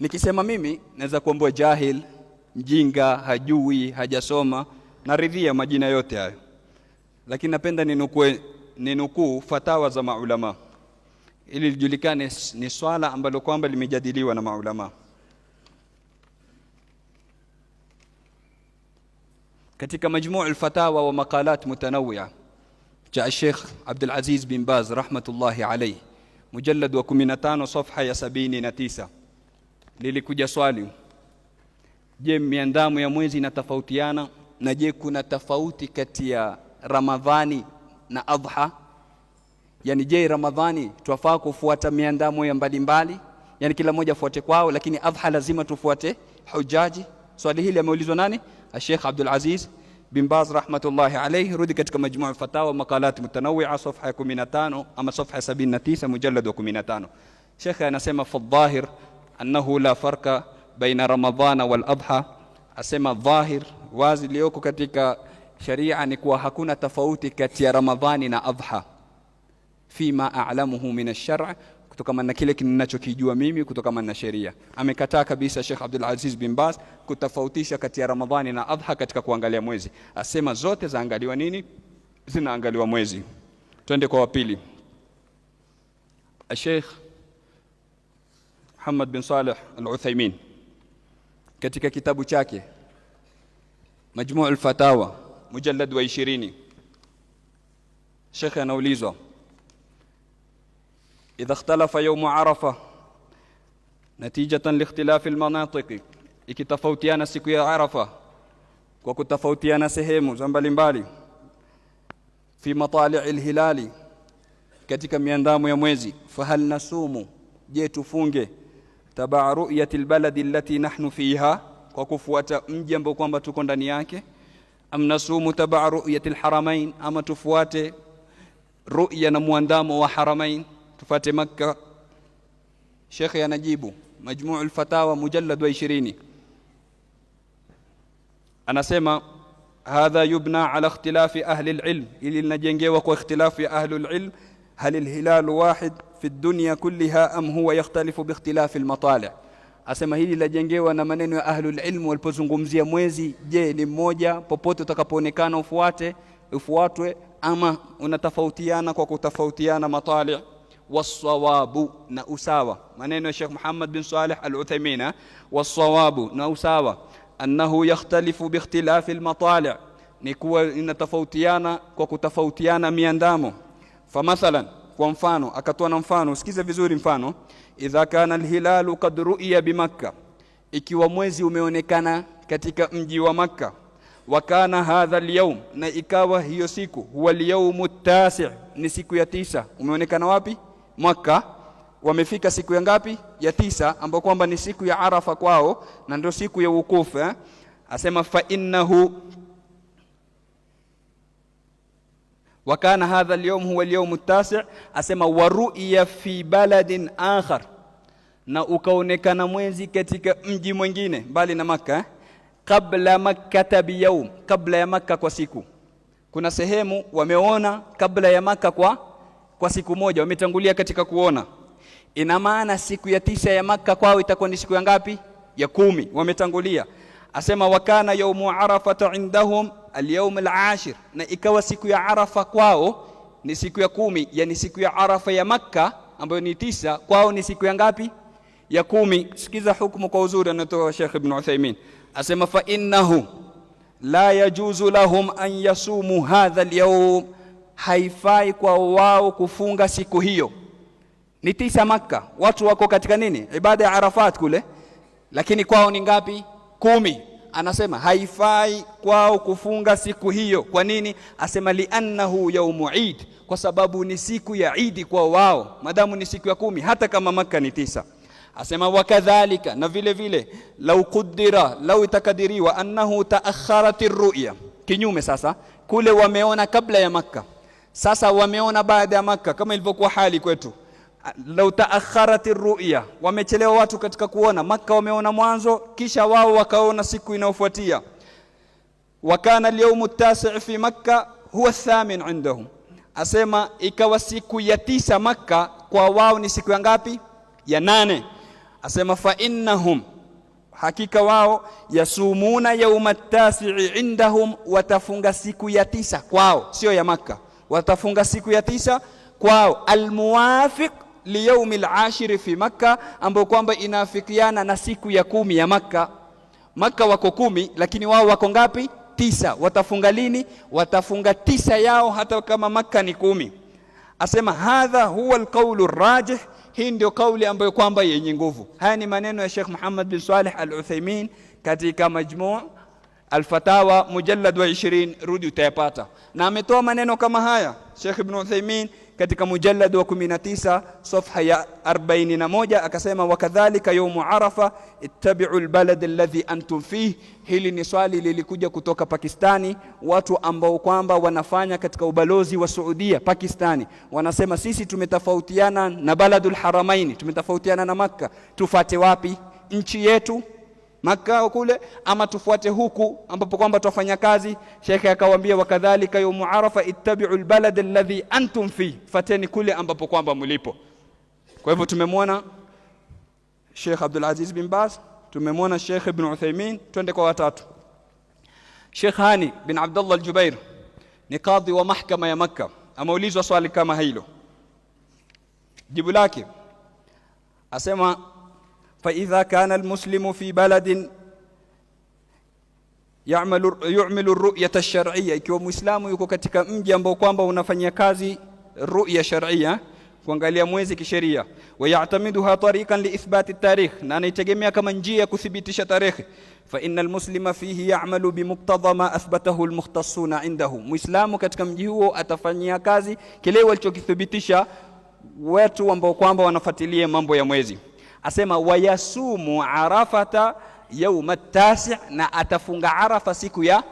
Nikisema mimi naweza kuambua jahil, mjinga, hajui, hajasoma. Naridhia majina yote hayo, lakini napenda ninukue ninukuu fatawa za maulama ili lijulikane ni swala ambalo kwamba limejadiliwa na maulama. Katika majmuu al-fatawa wa maqalat mutanawia cha Sheikh Abdul Aziz bin Baz rahmatullahi alayhi, mujallad wa 15 safha ya 79 Nilikuja swali, je, miandamo ya mwezi inatofautiana? Na je, kuna tofauti kati ya Ramadhani na Adha? yani je, Ramadhani twafaa kufuata miandamo ya mbalimbali, yani kila mmoja afuate kwao, lakini Adha lazima tufuate hujaji? Swali hili ameulizwa nani? Sheikh Abdul Aziz bin Baz rahmatullahi alayhi. Rudi katika ya fatawa makalat mutanawi'a safha ya 15 ama safha 79 mujallad wa 15. Sheikh anasema fadhahir annahu la farka baina ramadhana wal adha, asema dhahir wazi lioko katika sharia ni kuwa hakuna tofauti kati ya Ramadhani na adha, fima a'lamuhu min ash-shar' kutokana na kile ninachokijua mimi kutokana na sheria. Amekataa kabisa Sheikh Abdul Aziz bin Baz kutofautisha kati ya Ramadhani na adha katika kuangalia mwezi, asema zote zaangaliwa nini, zinaangaliwa mwezi. Twende kwa wapili Sheikh Muhammad bin Saleh al-Uthaymeen katika kitabu chake Majmuu al-Fatawa mujallad wa 20, Sheikh anaulizwa idha ikhtalafa yawmu Arafa natijatan liikhtilafi al-manatiqi, ikitofautiana siku ya Arafa kwa kutofautiana sehemu za mbalimbali, fi matali' al-hilali, katika miandamo ya mwezi, fahal nasumu, je tufunge tabaa ru'yati albaladi allati nahnu fiha, kwa kufuata mji ambao kwamba tuko ndani yake. Amnasumu tabaa ru'yati alharamain, ama tufuate ru'ya na muandamo wa haramain, tufuate Makka. Shekhe anajibu Majmuu al-Fatawa mujallad wa 20 anasema hadha yubna ala ikhtilafi ahli al-ilm, ili linajengewa kwa ikhtilafu ya ahli al-ilm, hal al-hilal wahid fi dunya kulliha am huwa yakhtalifu biikhtilafi almatali'. Asema hili lajengewa na maneno ya ahlul walipozungumzia mwezi. Je, ni mmoja popote utakapoonekana ufuate ufuatwe, ama unatofautiana kwa kutofautiana matali' wasawabu na usawa. Maneno ya Sheikh Muhammad bin Saleh al wasawabu na usawa, annahu yakhtalifu biikhtilafi almatali', ni kuwa inatofautiana kwa kutofautiana miandamo. Famathalan kwa mfano, akatoa na mfano. Usikize vizuri mfano, idha kana alhilalu kad ru'ya bimakka, ikiwa mwezi umeonekana katika mji wa Makka. Wa kana hadha alyawm, na ikawa hiyo siku, huwa alyawm tasi, ni siku ya tisa. Umeonekana wapi? Makka. Wamefika siku ya ngapi? Ya tisa, ambapo kwamba ni siku ya Arafa kwao na ndio siku ya wukufu eh? Asema fa innahu wa kana hadha alyawm huwa alyawm tasi, asema waruya fi baladin akhar, na ukaonekana mwezi katika mji mwingine mbali na Makka. kabla eh? makkata biyaum, kabla ya Makka kwa siku. Kuna sehemu wameona kabla ya Makka kwa, kwa siku moja, wametangulia katika kuona. Ina maana siku ya tisa ya Makka kwao itakuwa ni siku ya ngapi? Ya kumi, wametangulia asema wakana yaumu arafata indahum alyawm alashir, na ikawa siku ya Arafa kwao ni siku ya kumi, yani siku ya Arafa ya Makka ambayo ni tisa, kwao ni siku ya ngapi? Ya kumi. Sikiza hukumu kwa uzuri, anatoa Sheikh Ibn Uthaymeen asema, fa innahu la yajuzu lahum an yasumu hadha alyawm, haifai kwa wao kufunga siku hiyo. Ni tisa Makka, watu wako katika nini, ibada ya Arafat kule, lakini kwao ni ngapi? kumi anasema haifai kwao kufunga siku hiyo. Kwa nini? Asema liannahu yaumu Eid, kwa sababu ni siku ya idi kwa wao, madamu ni siku ya kumi, hata kama Maka ni tisa. Asema wakadhalika, na vile vile lau kudira, lau itakadiriwa annahu taakharat arruya, kinyume sasa, kule wameona kabla ya Makka, sasa wameona baada ya Makka, kama ilivyokuwa hali kwetu lau taakharat ruya, wamechelewa watu katika kuona. Makka wameona mwanzo, kisha wao wakaona siku inayofuatia. Wa kana alyawmu tasi fi makka huwa thamin indahum, asema ikawa siku ya tisa Makka kwa wao ni siku ya ngapi? Ya nane. Asema fa innahum hakika wao yasumuna yauma tasii indahum, watafunga siku ya tisa kwao, sio ya Makka, watafunga siku ya tisa kwao almuwafiq liyaumi lashiri fi Makka, ambayo kwamba inaafikiana na siku ya kumi ya Makka. Makka wako kumi, lakini wao wako ngapi? Tisa. Watafunga lini? Watafunga tisa yao, hata kama Makka ni kumi. Asema hadha huwa alqawlu rajih, hii ndio kauli ambayo kwamba yenye nguvu. Haya ni maneno ya Sheikh Muhammad bin Saleh al Uthaymeen katika majmuu Alfatawa mujallad wa 20, rudi utayapata, na ametoa maneno kama haya Sheikh Ibn Uthaymeen katika mujalladu wa 19 safha ya 41, akasema wakadhalika yaumu arafa ittabiu albalad alladhi antum fih. Hili ni swali lilikuja kutoka Pakistani, watu ambao kwamba wanafanya katika ubalozi wa Saudia Pakistani, wanasema sisi tumetofautiana na baladul haramaini, tumetofautiana na Makka, tufate wapi nchi yetu makao kule, ama tufuate huku ambapo kwamba twafanya kazi. Shekhe akawaambia wakadhalika yaumu arafa ittabiu lbalad alladhi antum fi, fateni kule ambapo kwamba mlipo. Kwa hivyo tumemwona Sheikh Abdul Aziz bin Baz, tumemwona Sheikh Ibn Uthaymeen, twende kwa watatu. Sheikh Hani bin Abdullah al-Jubair ni kadhi wa mahkama ya Makka, ameulizwa swali kama hilo, jibu lake asema فإذا كان المسلم في بلد يعمل يعمل الرؤية الشرعية كيو مسلم يكو كتك مجي أمبو كوامبا ونفني كازي الرؤية الشرعية كونغاليا موزي كشرية ويعتمدها طريقا لإثبات التاريخ نانا يتجميا كمنجية كثبتش تاريخ فإن المسلم فيه يعمل بمقتضى ما أثبته المختصون عنده مسلم كتك مجي هو أتفني كازي كلي والشو كثبتش ويتو أمبو كوامبا ونفتليه مامبو يا موزي asema wayasumu arafata yauma tasi, na atafunga arafa siku ya.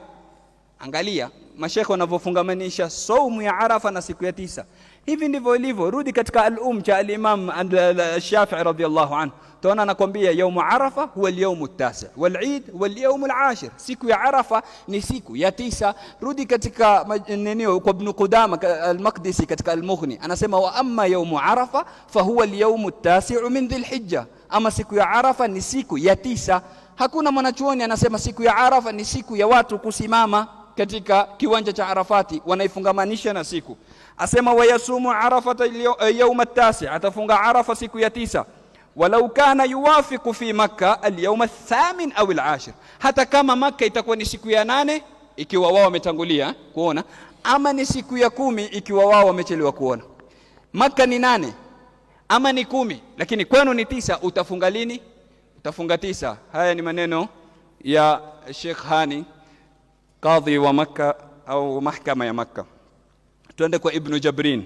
Angalia mashekhe wanavyofungamanisha saumu ya arafa na siku ya tisa. Hivi ndivyo ilivyo. Rudi katika al-um cha al-Imam al-Shafi'i radhiyallahu anhu, taona anakwambia yaumu arafa huwa al-yaumu at-tasi' wal-eid wal-yaumu al-ashir, siku ya arafa ni siku ya tisa. Rudi katika neno kwa Ibn Qudama al-Maqdisi katika al-Mughni anasema, wa amma yaumu arafa fahuwa al-yaumu at-tasi' min dhil-hijja, ama siku ya arafa ni siku ya tisa. Hakuna mwanachuoni anasema siku ya arafa ni siku ya watu kusimama katika kiwanja cha Arafati, wanaifungamanisha na siku. Asema wayasumu arafata eh, yauma tasi, atafunga Arafa siku ya tisa walau kana yuwafiqu fi Makka alyauma thamin aw alashir, hata kama Makka itakuwa ni siku ya nane ikiwa wao wametangulia eh, kuona, ama ni siku ya kumi ikiwa wao wamechelewa kuona. Makka ni nane ama ni kumi, lakini kwenu ni tisa. Utafunga lini? Utafunga tisa. Haya ni maneno ya Sheikh Hani kadhi wa Makka au mahkama ya Makka. Tuende kwa Ibnu Jabrin,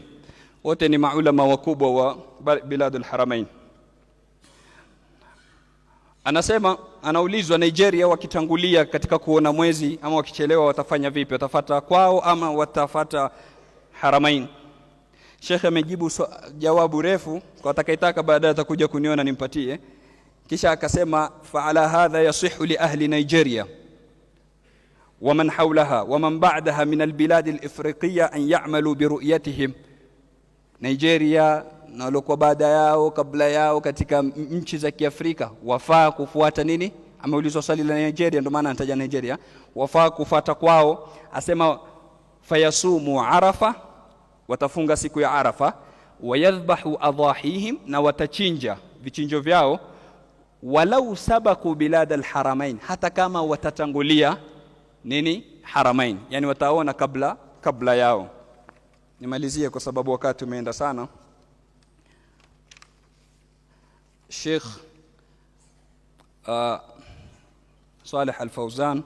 wote ni maulama wakubwa wa biladul haramain. Anasema, anaulizwa Nigeria wakitangulia katika kuona mwezi ama wakichelewa watafanya vipi? Watafata kwao ama watafata haramain? shekhe amejibu jawabu refu, kwa atakayetaka baadaye atakuja kuniona nimpatie. Kisha akasema, fa ala hadha yasihu li ahli Nigeria waman haulaha waman ba'daha min albiladi alifriqiya an ya'malu biruyatihim, Nigeria na waliokuwa baada yao kabla yao katika nchi za Kiafrika wafaa kufuata nini? Ameulizwa swali la Nigeria, ndio maana anataja Nigeria. Wafaa kufuata kwao, asema fayasumu arafa, watafunga siku ya Arafa, wayadhbahu adhahihim, na watachinja vichinjo vyao, walau sabaku bilada lharamain hata kama watatangulia nini Haramain, yani wataona kabla kabla yao. Nimalizie kwa sababu wakati umeenda sana. Sheikh uh, Saleh Al-Fauzan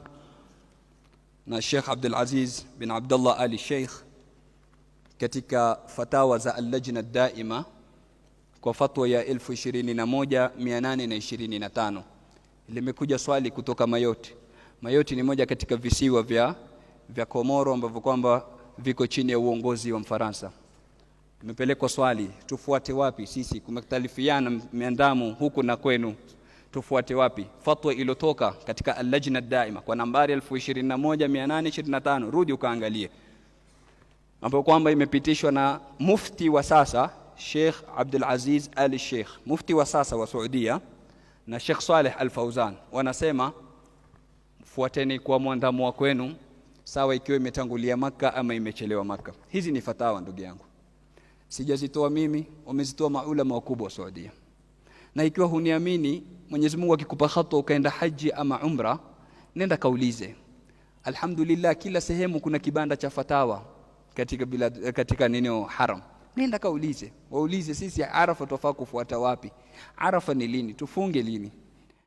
na Sheikh Abdul Aziz bin Abdullah Ali Sheikh katika fatawa za Al-Lajna Daima kwa fatwa ya 21825 limekuja swali kutoka Mayoti Mayoti ni moja katika visiwa vya, vya Komoro ambavyo kwamba viko chini ya uongozi wa Mfaransa. Tumepelekwa swali, tufuate wapi sisi? Kumetalifiana miandamu huku na kwenu, tufuate wapi? Fatwa iliyotoka katika Al-Lajna Daima kwa nambari 21825 rudi ukaangalie, ambapo kwamba imepitishwa na mufti wa sasa Sheikh Abdul Aziz Al Sheikh, mufti wa sasa wa Saudia na Sheikh Saleh Al Fauzan, wanasema fuateni kwa mwandamo wa kwenu, sawa ikiwa imetangulia Maka ama imechelewa Maka. Hizi ni fatawa ndugu yangu, sijazitoa mimi, wamezitoa maulama wakubwa wa Saudia. Na ikiwa huniamini, Mwenyezi Mungu akikupa hata ukaenda haji ama umra, nenda kaulize. Alhamdulillah, kila sehemu kuna kibanda cha fatawa katika bila, katika neno haram. Nenda kaulize, waulize, sisi Arafa tofaa kufuata wapi? Arafa ni lini? Tufunge lini?